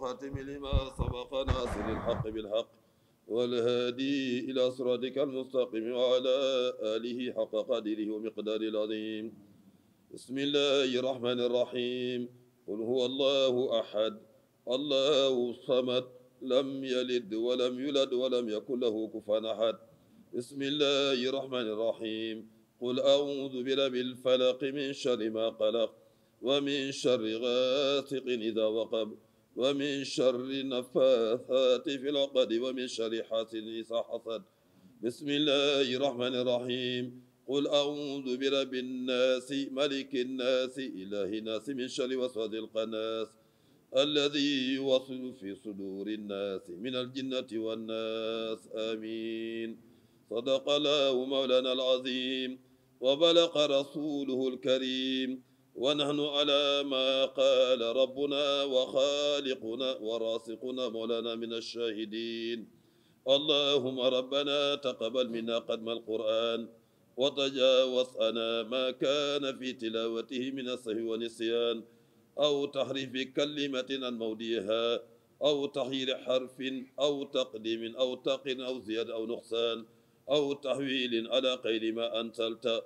الخاتم لما سبق ناصر الحق بالحق والهادي إلى صراطك المستقيم وعلى آله حق قدره ومقداره العظيم بسم الله الرحمن الرحيم قل هو الله أحد الله الصمد لم يلد ولم يولد ولم يكن له كفوا أحد بسم الله الرحمن الرحيم قل أعوذ برب الفلق من شر ما قلق ومن شر غاسق إذا وقب ومن شر النفاثات في العقد ومن شر حاسد إذا حسد بسم الله الرحمن الرحيم قل أعوذ برب الناس ملك الناس إله الناس من شر وسواد القناس الذي يوصل في صدور الناس من الجنة والناس آمين صدق الله مولانا العظيم وبلغ رسوله الكريم ونحن على ما قال ربنا وخالقنا وراسقنا مولانا من الشاهدين اللهم ربنا تقبل منا قدم القرآن وتجاوز عنا ما كان في تلاوته من السهو والنسيان أو تحريف كلمة عن موديها أو تحيير حرف أو تقديم أو تقن أو زيادة أو نقصان أو تحويل على قيل ما أنزلت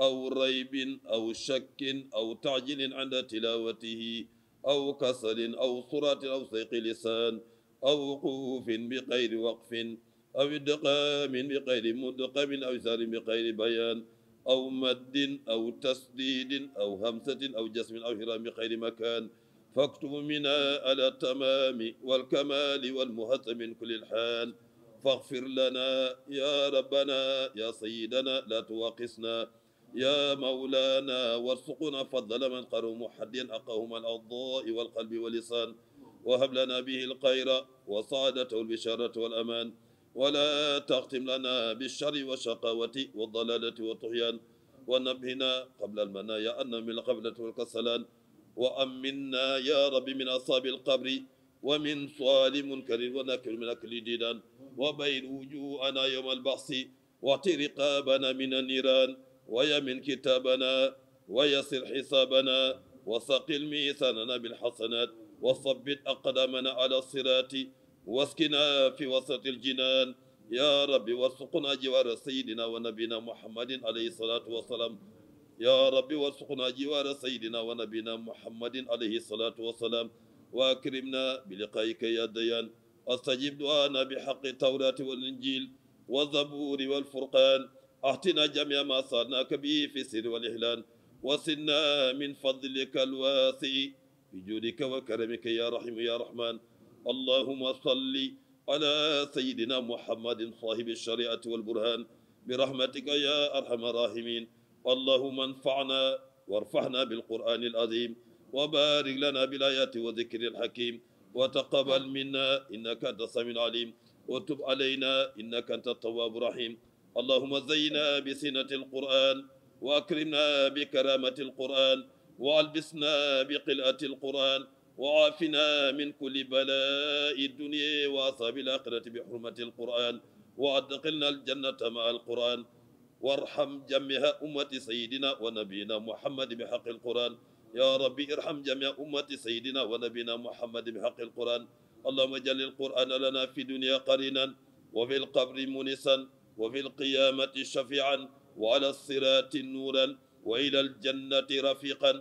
أو ريب أو شك أو تعجل عند تلاوته أو كسل أو صراط أو سيق لسان أو وقوف بغير وقف أو إدقام بغير مدقم أو إسهال بغير بيان أو مد أو تسديد أو همسة أو جسم أو هرام بغير مكان فاكتب منا على التمام والكمال والمهتم من كل الحال فاغفر لنا يا ربنا يا سيدنا لا تواقصنا يا مولانا وارزقنا فضل من قروا محديا أقاهم الأضاء والقلب واللسان وهب لنا به الخير وسعادة والبشارة والأمان ولا تختم لنا بالشر والشقاوة والضلالة والطغيان ونبهنا قبل المنايا أن من القبلة والكسلان وأمنا يا رب من أصحاب القبر ومن سؤال منكر ونكر من أكل ديدان وبين وجوهنا يوم البحث واعترقابنا من النيران ويمن كتابنا ويسر حسابنا وثقل ميزاننا بالحسنات وثبت أقدامنا على الصراط واسكنا في وسط الجنان يا رب وارزقنا جوار سيدنا ونبينا محمد عليه الصلاة والسلام يا رب وارزقنا جوار سيدنا ونبينا محمد عليه الصلاة والسلام وأكرمنا بلقائك يا ديان أستجب دعانا بحق التوراة والإنجيل والزبور والفرقان أحتنا جميع ما صارناك به في السر والإعلان وصلنا من فضلك الواسع بجودك وكرمك يا رحيم يا رحمن اللهم صل على سيدنا محمد صاحب الشريعة والبرهان برحمتك يا أرحم الراحمين اللهم انفعنا وارفعنا بالقرآن العظيم وبارك لنا بالآيات وذكر الحكيم وتقبل منا إنك أنت السميع العليم وتب علينا إنك أنت التواب الرحيم اللهم زينا بزينة القرآن وأكرمنا بكرامة القرآن وألبسنا بقلعة القرآن وعافنا من كل بلاء الدنيا وعذاب الآخرة بحرمة القرآن وأدخلنا الجنة مع القرآن وارحم جميع أمة سيدنا ونبينا محمد بحق القرآن يا ربي ارحم جميع أمة سيدنا ونبينا محمد بحق القرآن اللهم اجعل القرآن لنا في دنيا قرينا وفي القبر منسا وفي القيامة شفيعا وعلى الصراط نورا وإلى الجنة رفيقا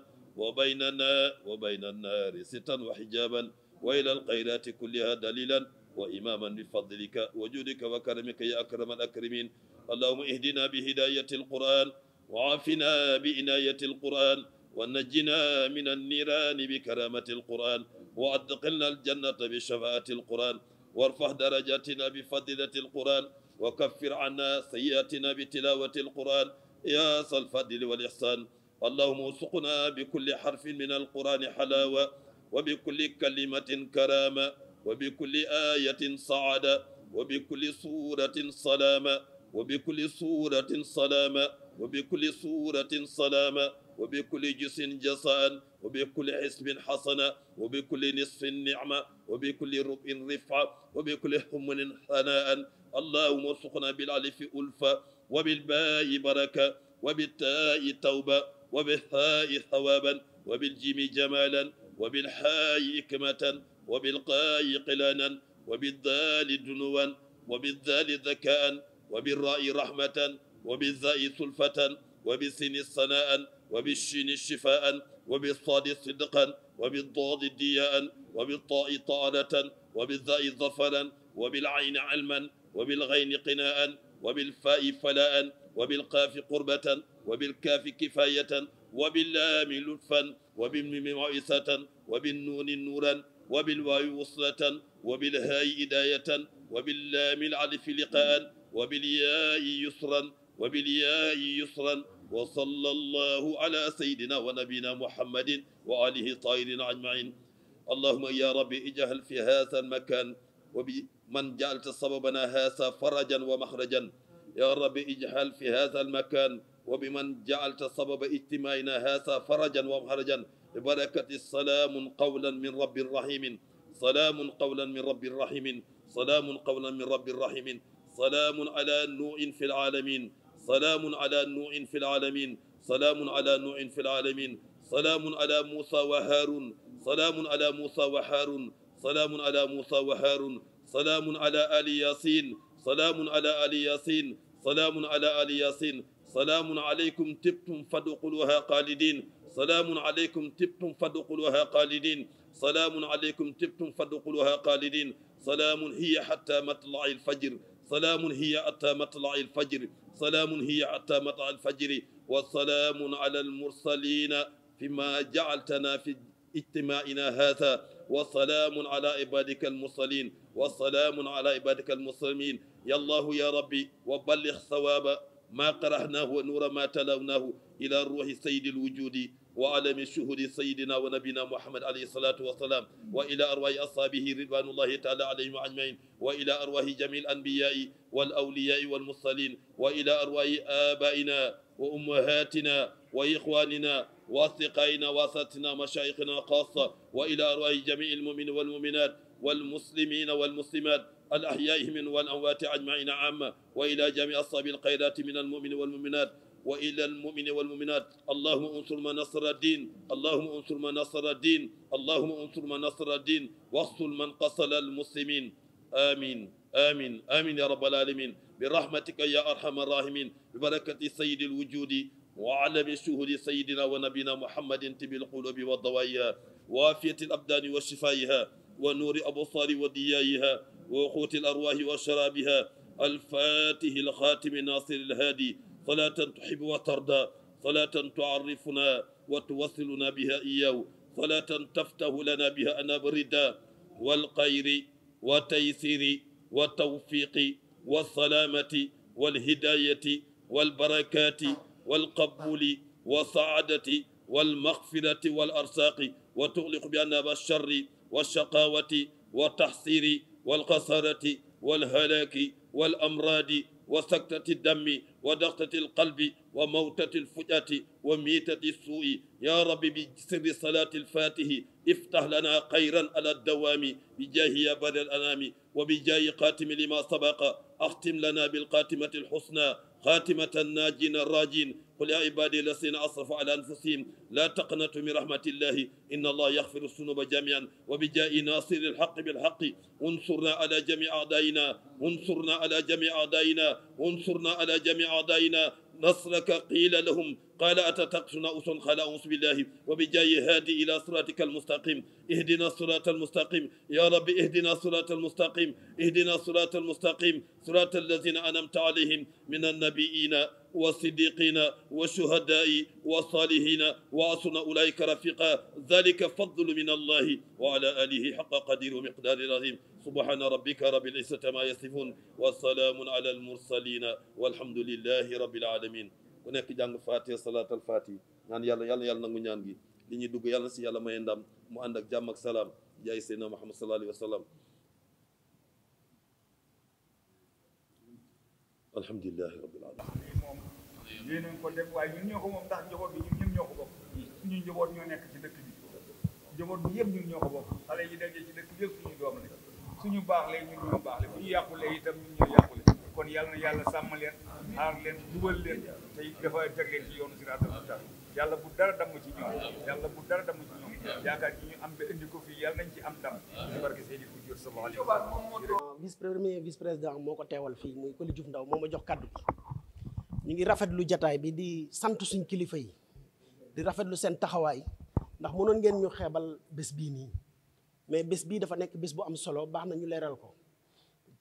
وبيننا وبين النار ستا وحجابا وإلى الخيرات كلها دليلا وإماما بفضلك وجودك وكرمك يا أكرم الأكرمين اللهم اهدنا بهداية القرآن وعافنا بإناية القرآن ونجنا من النيران بكرامة القرآن وأدخلنا الجنة بشفاعة القرآن وارفع درجاتنا بفضيلة القرآن وكفر عنا سيئاتنا بتلاوة القرآن يا ذا الفضل والإحسان اللهم ارزقنا بكل حرف من القرآن حلاوة وبكل كلمة كرامة وبكل آية سعادة وبكل سورة سلامة وبكل سورة سلامة وبكل سورة سلامة وبكل جس جزاء وبكل حسب حسنة وبكل نصف نعمة وبكل ركن رفعة وبكل هم ثناء allahuma arzuqna bil alifi ulfa wa bil baa'i baraka wa bit taa'i tawba wa bi thaa'i thawaaban wa bil jiimi jamaalan wa bil haa'i ikmatan wa bil qaa'i qilaanan wa bid daali dunuwan wa bid daali dhakaan wa bir raa'i rahmatan wa bi zaa'i sulfatan wa bi siini sana'an wa bi shiini shifaa'an wa bi saadi sidqan wa bi daadi diyaa'an wa bi taa'i ta'anatan wa bi zaa'i zafaran wa bil ayni ilman وبالغين قناء وبالفاء فلاء وبالقاف قربة وبالكاف كفاية وباللام لطفا وبالميم معيثة وبالنون نورا وبالواو وصلة وبالهاء إداية وباللام العلف لقاء وبالياء يسرا وبالياء يسرا وصلى الله على سيدنا ونبينا محمد وآله طاهرين أجمعين اللهم يا ربي اجعل في هذا المكان وبي من جعلت سببنا هذا فرجا ومخرجا يا رب اجعل في هذا المكان وبمن جعلت سبب اجتماعنا هذا فرجا ومخرجا ببركة سلام قولا من رب رحيم سلام قولا من رب رحيم سلام قولا من رب رحيم سلام على نوء في العالمين سلام على نوء في العالمين سلام على نوء في العالمين سلام على موسى وهارون سلام على موسى وهارون سلام على موسى وهارون salaamun ala ali yasin salaamun ala ali yasin salaamun ala ali yasin salaamun alaykum tibtum fadxuluha xaalidin salaamun alaykum tibtum fadxuluha xaalidin salaamun alaykum tibtum fadxuluha xaalidin salaamun hiya xata matlai alfajr salaamun hiya xata matlai alfajr salaamun hiya xata matlai alfajri wa salaamun ala almursalina fi ma jacaltana fi ijtimaina haada وسلام على عبادك المرسلين وسلام على عبادك المسلمين يا الله يا ربي وبلغ ثواب ما قرأناه ونور ما تلوناه إلى روح سيد الوجود وعلم الشهود سيدنا ونبينا محمد عليه الصلاة والسلام وإلى أرواح أصحابه رضوان الله تعالى عليهم أجمعين وإلى أرواح جميع الأنبياء والأولياء والمرسلين وإلى أرواح آبائنا وأمهاتنا وإخواننا وأصدقائنا وأساتذتنا مشايخنا خاصة وإلى أرواح جميع المؤمنين والمؤمنات والمسلمين والمسلمات الأحياء من والأموات أجمعين عامة وإلى جميع أصحاب الخيرات من المؤمن والمؤمنات وإلى المؤمن والمؤمنات اللهم انصر من نصر الدين اللهم انصر من نصر الدين اللهم انصر من نصر الدين واقتل من قصل المسلمين آمين آمين آمين يا رب العالمين برحمتك يا أرحم الراحمين ببركة سيد الوجود وعلم شهود سيدنا ونبينا محمد طب القلوب والضوائها وعافية الأبدان وشفائها ونور أبصار وديائها وقوت الأرواح وشرابها الفاتح الخاتم ناصر الهادي صلاة تحب وترضى صلاة تعرفنا وتوصلنا بها إياه صلاة تفتح لنا بها أناب الردى والخير والتيسير والتوفيق والسلامة والهداية والبركات والقبول والسعادة والمغفرة والأرزاق وتغلق بأناب الشر والشقاوة والتحصير والخسارة والهلاك والأمراض وسكتة الدم ودقة القلب وموتة الفجأة وميتة السوء يا رب بسر صلاة الفاتح افتح لنا خيرا على الدوام بجاه يا بدر الأنام وبجاه قاتم لما سبق أختم لنا بالقاتمة الحسنى خاتمة الناجين الراجين qul yaa ibaadi lazina asrafu ala anfusihim laa taqnatu min rahmatillahi inna allah yaxfiru sunuba jamian wa bi jaa'i nasiri alxaqi bilxaqi unsurna ala jami aadaina unsurna ala jami aadaina unsurna ala jami aadaina nasraka qiila lahum قال أتتقتنا أسن خلا أعوذ بالله وبجاي هادي إلى صراطك المستقيم اهدنا صراط المستقيم يا رب اهدنا صراط المستقيم اهدنا صراط المستقيم صراط الذين أنمت عليهم من النبيين والصديقين والشهداء والصالحين وأصلنا أولئك رفيقا ذلك فضل من الله وعلى آله حق قدير ومقدار العظيم سبحان ربك رب العزة ما يصفون وسلام على المرسلين والحمد لله رب العالمين ku nekk jàng faatiha salaat al faatiha ñaan yàlla yàlla yàlla nangu ñaan gi li ñuy dugg yàlla si yàlla may ndam mu ànd ak jàmm ak salaam jaay seydina Muhammad sallallahu alayhi wa sallam alhamdulilahi rabbil alamin yéen a ngi ko def waaye ñun ñoo ko moom ndax njaboot bi ñun ñëpp ñoo ko bokk suñu njaboot ñoo nekk ci dëkk bi njaboot bi yëpp ñun ñoo ko bokk xale yi dajee ci dëkk bi yëpp suñu baax lee ñun baax le bu ñu yàqulee itam ñun ñoo yàqule kon yàlla na yàlla sàmm leen aar leen jubal leen tey dafa teg leen ci yoonu siraatal mustaqiim bu dara damm ci ñoom yàlla bu dara damm ci ñoom yaakaar ji ñu am ba indi ko fii yàlla nañ ci am dam ci barke Seydi Fujur sallallahu alayhi wa sallam vice premier vice président moo ko teewal fii muy Coly Diouf Ndaw moo ma jox kàddu bi ñu ngi rafetlu jataay bi di sant suñ kilifa yi di rafetlu seen taxawaay ndax mënoon ngeen ñu xeebal bés bii nii mais bés bii dafa nekk bés bu am solo baax na ñu leeral ko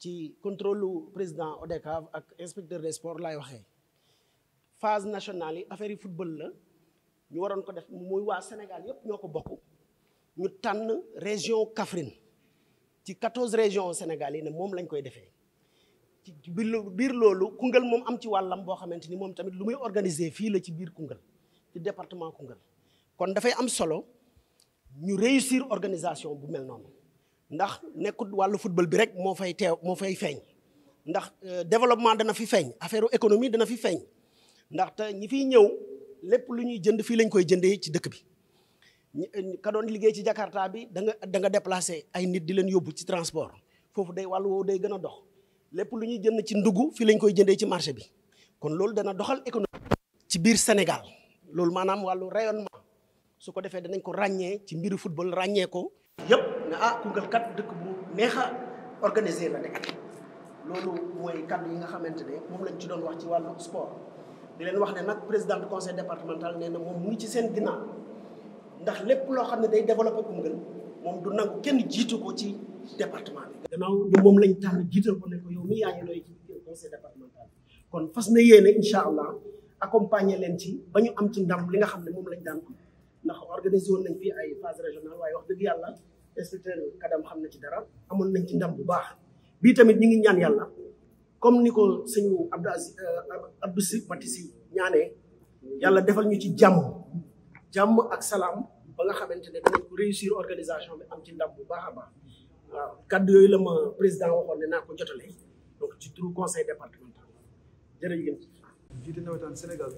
ci contrôle président ODCAV ak inspecteur de sports laay waxee phase nationale yi affaire yi football la ñu waroon ko def muy waa Sénégal yëpp ñoo ko bokk ñu tànn région Kaffrine ci quatorze région Sénégal yi ne moom lañ koy defee ci biir loolu Koungheul moom am ci wàllam boo xamante ni moom tamit lu muy organiser fii la ci biir Koungheul ci département Koungheul kon dafay am solo ñu réussir organisation bu mel noonu ndax nekkul wàllu football bi rek moo fay teew moo fay feeñ ndax euh, développement dana fi feeñ affaire économie dana fi feeñ ndaxte ñi fiy ñëw lépp lu ñuy jënd fii lañ koy jëndee ci dëkk bi Eh, ka doon liggéey ci Jakarta bi danga nga déplacé ay nit di leen yóbbu ci transport foofu day wàllu woowu day gën a dox lépp lu ñuy jënd ci nduggu fii lañ koy jëndee ci marché bi kon loolu dana doxal économie ci biir Sénégal loolu maanaam wàllu rayonnement su ko defee danañ ko ràññee ci mbiru football ràññee yëpp ah kat dëkk bu neex a organiser la nekk loolu mooy kàddu yi nga xamante ne moom lañ ci doon wax ci wàllu sport di wax ne nag président du conseil départemental nee na moom mu ngi ci seen ginnaaw. ndax lépp loo xam ne day développé Koungheul moom du nangu kenn jiitu ko ci département bi. gannaaw moom lañ tànn jiital ko ne ko yow mi yaa ngi lay ci conseil kon fas na yéene incha allah accompagner leen ci ba ñu am ci ndam li nga xam ne moom lañ daan ndax organisé woon nañ fii ay phase waaye wax dëgg yàlla inspecteur kadam xam na ci dara amoon nañ ci ndam bu baax bii tamit ñu ngi ñaan yàlla comme ni ko sëñ Abdou Aziz euh, Abdou defal ñu ci jàmm. jàmm ak salaam ba nga xamante ne dinañ réussir organisation bi am ci ndam bu baax a baax waaw kaddu yooyu la ma président waxoon ne naa ko jotale donc ci turu conseil départemental jërëjëf. jiite nawetaan Sénégal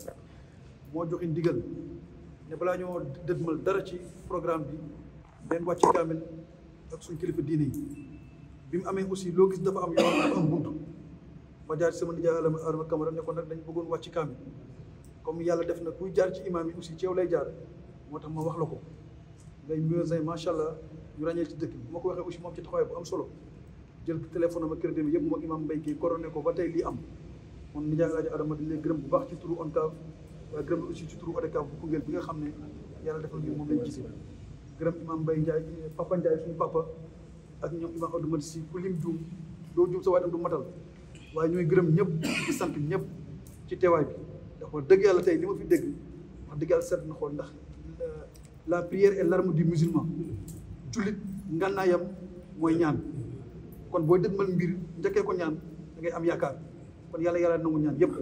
moo joxe ndigal ne balaa ñoo dëdmal dara ci programme bi den wàcce kaamil ak suñ kilifa diine yi bi mu amee aussi loo gis dafa am yoon dafa am buntu ma jaar sama nijaay Adama Camara ne ko nag dañ bëggoon wàcc kaamil comme yàlla def na kuy jaar ci imaam yi aussi ci lay jaar moo tax ma wax la ko ngay musin macha allah ñu ràññee ci dëkk bi moo ko waxee aussi moom ci taxawaay am solo jël téléphone am ak bi yëpp moo imaam Mbaye Guèye coronné ko ba tey lii am moom ni jaay laajo gërëm bu baax ci turu ONCAV waaye gërëm aussi ci turu ODCAV bu bi nga xam ne yàlla def na ñu moom lañ gisee gërëm imaam Mbaye Ndiaye papa Ndiaye suñu papa ak ñoom imaam Abdou Madi si ku lim juum doo juum sa waaye du matal waaye ñuy gërëm ñëpp sant ñëpp ci teewaay bi wax dëgg yàlla tey li ma fi dégg wax dëgg yàlla seet na xool ndax la prière est l'arme du musulman jullit ngànnaayam mooy ñaan kon boo booy dëgmal mbir njëkkee ko ñaan da am yaakaar kon yàlla yàlla nangu ñaan yëpp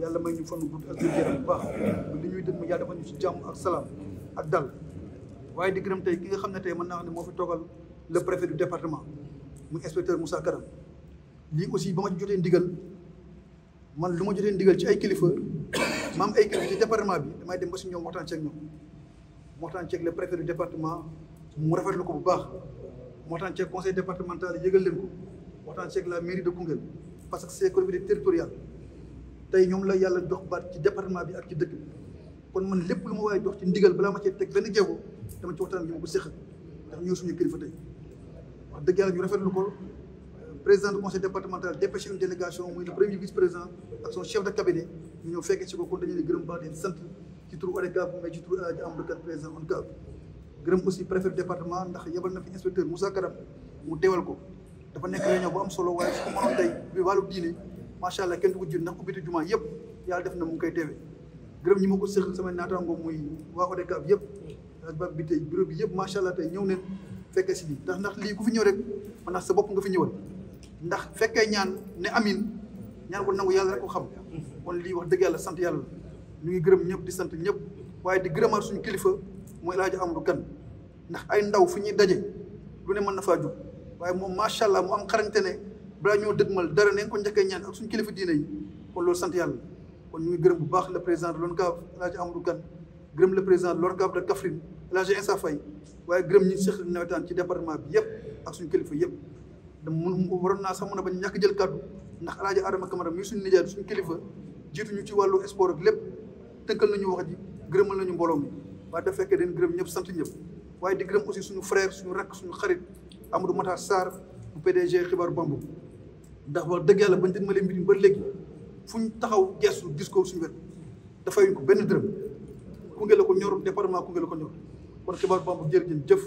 yàlla may ñu fan gudd ak wér-gu-yaram bu baax li ñuy dëgmal yàlla dafa ñu ci jàmm ak salaam ak dal waaye di gërëm tey ki nga xam ne tey mën naa xam ne moo fi toogal le préfet du département muy inspecteur Moussa Karam lii aussi ba ma jotee ndigal man lu ma jotee ndigal ci ay kilifa maam am ay kilifa ci département bi damay dem ba si ñoom waxtaan ceeg ñoom waxtaan ceeg le préfet du département mu rafetlu ko bu baax waxtaan ceeg conseil départemental yëgal leen ko waxtaan ceeg la mairie de Koungheul parce que c'est collectivité territoriale tey ñoom la yàlla jox baat ci département bi ak ci dëkk kon man lépp lu ma waaye jox ci ndigal balaa ma cee teg benn jéego dama ci waxtaan ñu ma ko séq ndax ñoo suñu kilifa tey wax ko. président du conseil départemental dépêché une délégation muy le premier vice-président ak son chef de cabinet ñu ñëw fekkee aussi préfet département ndax yebal na fi inspecteur Moussa Karam mu teewal ko dafa nekk réunion am solo waaye su ko mënoon tey macha allah kenn du ko jur ndax ubbite jumaa yëpp yàlla def na mu koy teewee gërëm ñi ma ko séq sama naataango muy waa ODCAV yëpp ak bab bi tey bureau bi yëpp macha ñëw neen fekkee si lii ndax ndax lii ku fi ñëw rek man ndax sa bopp nga fi ñëwal ndax fekke ñaan ne amin ñaan ko nangu yàlla rek ko xam kon lii wax dëgg yàlla sant yàlla ñu ngi gërëm ñëpp di sant ñëpp waaye di gërëmaat suñu kilifa mooy El Hadj Amadou Kane ndax ay ndaw fu ñuy daje lu ne mën na faa waaye moom macha allah moom am xarañte ne balaa ñoo mal dara nañ ko njëkkee ñaan ak suñu kilifa diine yi kon loolu sant yàlla kon ñu ngi gërëm bu baax la président de l'ONCAV El Hadj Amadou Kane gërëm le président de l'ONCAV de Kaffrine El waaye gërëm ñi seq nawetaan ci département bi yëpp ak kilifa yëpp mu waroon naa sax mën a bañ ñàkk jël kàddu ndax alaaji Adama Camara mi suñu nijaay suñu kilifa jiituñu ci wàllu sport ak lépp tënkal nañu wax ji gërëmal nañu mbooloo mi waaye da fekkee den gërëm ñëpp sant ñëpp waaye di gërëm aussi suñu frère suñu rakk suñu xarit am Amadou Matar Sarr bu PDG xibaar bambu ndax wax dëgg yàlla bañ dëgmalee mbir mi ba léegi fu ñu taxaw gestu gis ko suñu wet dafayuñ ko benn dërëm Koungheul ko ñor département Koungheul ko ñor kon xibaar bambu jërëjëf jëf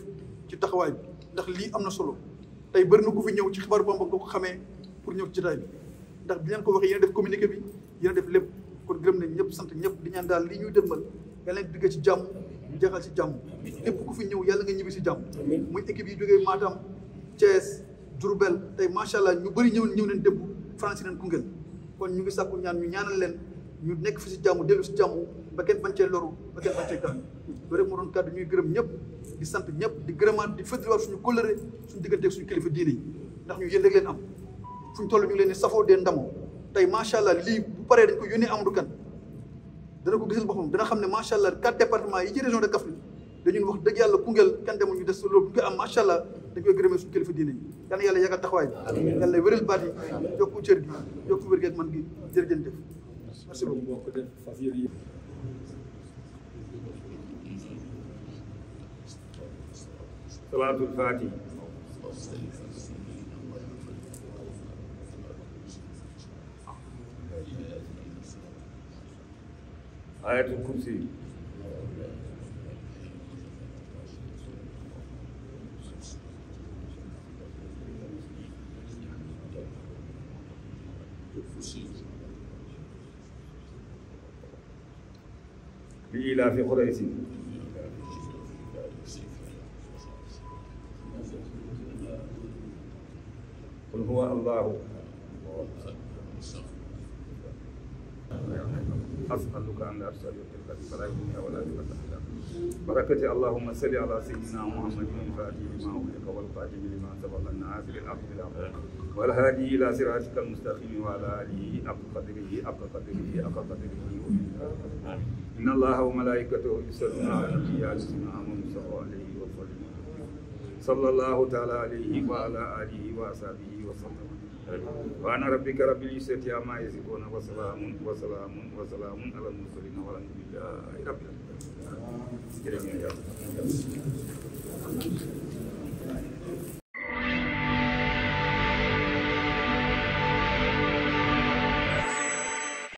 ci taxawaay bi ndax lii am na solo tey bëri na ku fi ñëw ci xibaaru Bamba nga ko xamee pour ñëw ci jotaay bi ndax bi leen ko waxee yéen def communiqué bi yéen def lépp kon gërëm nañ ñëpp sant ñëpp di ñaan daal lii ñuy dëgmal yàlla leen diggee ci jàmm ñu jeexal si jàmm képp ku fi ñëw yàlla nga ñibbi si jàmm muy équipe yi jógee Matam Thiès Diourbel tey macha allah ñu bëri ñëw ñëw nañ démb France nañ Koungheul kon ñu ngi sàkku ñaan ñu ñaanal leen ñu nekk fi si jàmm dellu si jàmm ba kenn bañ cee loru ba kenn loolu rek moo doon kàddu ñuy gërëm ñëpp di sant ñëpp di gërëmaat di fëddiwaat suñu kóllëre suñu digganteeg suñu kilifa diine yi ndax ñu yéen rek leen am fuñ toll ñu leen di safoo dee ndamoo tey macha allah lii bu paree dañ ko yónnee Amadou Kane dana ko gisal boppam dana xam ne macha allah quatre départements yi ci région de Kaffrine dañuy wax dëgg yàlla Koungheul kan demul ñu des loolu bu nga am macha allah dañ koy gërëmee suñu kilifa diine yi yal na yàlla yàggal taxawaay bi yàlla wéral baat yi yokku cër gi yokku wér gi ak man salaatul faati ayatul kursi li ilaafi Quraysin تلك ببراهيمها ولا بمثلها بركة اللهم صل على سيدنا محمد الفاتح لما أغلق والقادم لما سبق الناصر الحق بالحق والهادي إلى صراطك المستقيم وعلى آله حق قدره حق قدره حق قدره إن الله وملائكته يصلون على النبي يا الذين آمنوا صلوا عليه وسلموا صلى الله تعالى عليه وعلى آله وأصحابه وسلم subhaana rabbika rabbil izzati ammaa yasifuun wa salaamun wa salaamun wa salaamun alal mursaliin walhamdulillaahi rabbil aalamiin